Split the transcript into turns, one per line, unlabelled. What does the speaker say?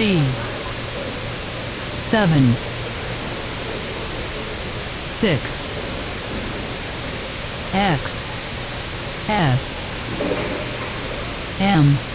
C seven six X F
M